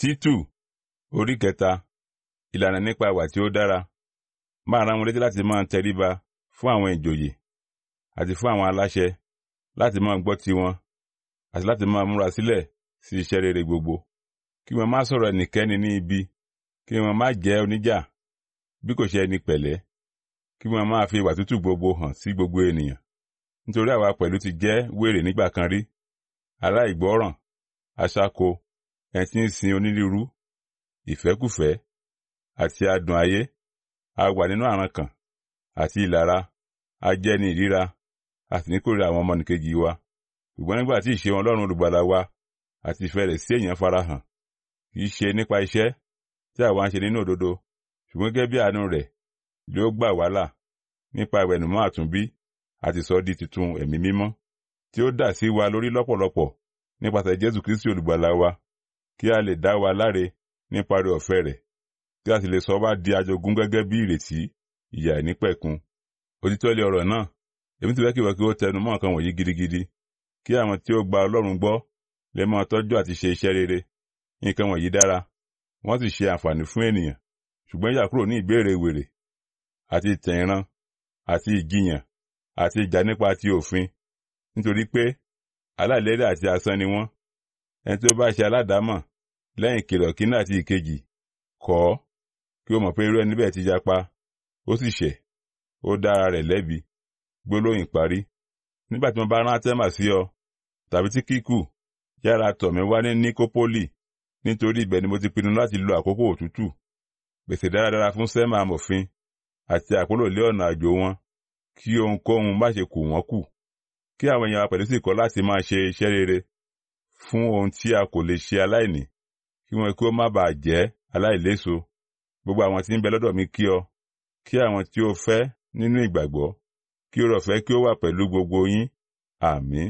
títù orí kẹta ìlànà nípa ìwà tí ó dára máa rán wọn létí láti máa tẹríba fún àwọn ìjòyè àti fún àwọn aláṣẹ láti máa gbọ́ tiwọn àti láti máa múra sílẹ̀ sí iṣẹ́ rere gbogbo kí wọn má sọ̀rọ̀ ẹnikẹ́ni ní ibi kí wọn má jẹ́ oníjà bí kò ṣe ẹni pẹ̀lẹ́ kí wọn máa fi ìwà tútù gbogbo hàn sí gbogbo ènìyàn nítorí àwa pẹ̀lú ti jẹ́ wèrè nígbà kan rí aláìgbọ́ràn aṣáko ẹ ti ń sin onírúurú ìfẹ́kùfẹ́ àti adùn ayé a wà nínú àrankàn àti ìlara a jẹ́ ní ìríra a sì ní kórìíra àwọn ọmọnìkejì wa ṣùgbọ́n nígbà tí ìṣe wọn lọ́rùn olùgbàlà wa àti ìfẹ́ rẹ̀ sí èèyàn farahàn kì í ṣe nípa iṣẹ́ tí àwa ń ṣe nínú òdodo ṣùgbọ́n gẹ́gẹ́ bí àánú rẹ̀ ló gbà wá là nípa ìwẹ̀nùmọ́ àtúnbí àti sọ di tuntun ẹ̀mí mímọ́ tí ó dà sí wa lórí lọ́pọ̀lọpọ̀ nípasẹ̀ Jésù Kristi olùgbàlà wa kí a lè dá wa láre nípa rẹ̀ ọ̀fẹ́ rẹ̀ kí a sì lè sọ wá di ajogún gẹ́gẹ́ bí ìrètí ìyà ìnípẹ̀kun òtítọ́ ilé ọ̀rọ̀ náà èmi ti fẹ́ kí ìwọ kí ó tẹnu mọ́ nǹkan wọ̀nyí gidigidi kí àwọn tí ó gba Ọlọ́run gbọ́ lè máa tọ́jú àti ṣe iṣẹ́ rere nǹkan wọ̀nyí dára wọ́n sì ṣe àǹfààní fún ènìyàn ṣùgbọ́n yà ní ìbéèrè wèrè àti ìtẹ̀yìnrán àti ìjiyàn àti ìjà nípa ti òfin nítorí pé aláìlérè àti asán ni wọ́n ẹni tí ó bá ṣe aládàámọ̀ lẹ́yìn ìkìlọ̀ kínní àti ìkejì kọ́ kí ó mọ̀ pé irú ẹni bẹ́ẹ̀ ti japa ó sì ṣẹ̀ ó dára rẹ̀ lẹ́bi gbólóyìn parí nígbà tí mo bá rán atẹ́mà sí ọ tàbí tí kíkù yára tọ̀ mí wá ní nikopoli nítorí ibẹ̀ ni mo ti pinnu láti lo àkókò òtútù pèsè dáradára fún sẹ́mà amòfin àti àpólò lé ọ̀nà àjò wọn kí ohunkóhun má ṣe kù wọ́n kù kí àwọn èèyàn wa pẹ̀lú sì kọ́ láti máa ṣe iṣẹ́ rere fún ohun tí a kò lè ṣe aláìní kí wọn kí ó má bàa jẹ́ aláìléso gbogbo àwọn tí ń bẹ lọ́dọ̀ mi kí ọ kí àwọn tí ó fẹ́ nínú ìgbàgbọ́ kí ó rọ̀fẹ́ kí ó wà pẹ̀lú gbogbo yín àmín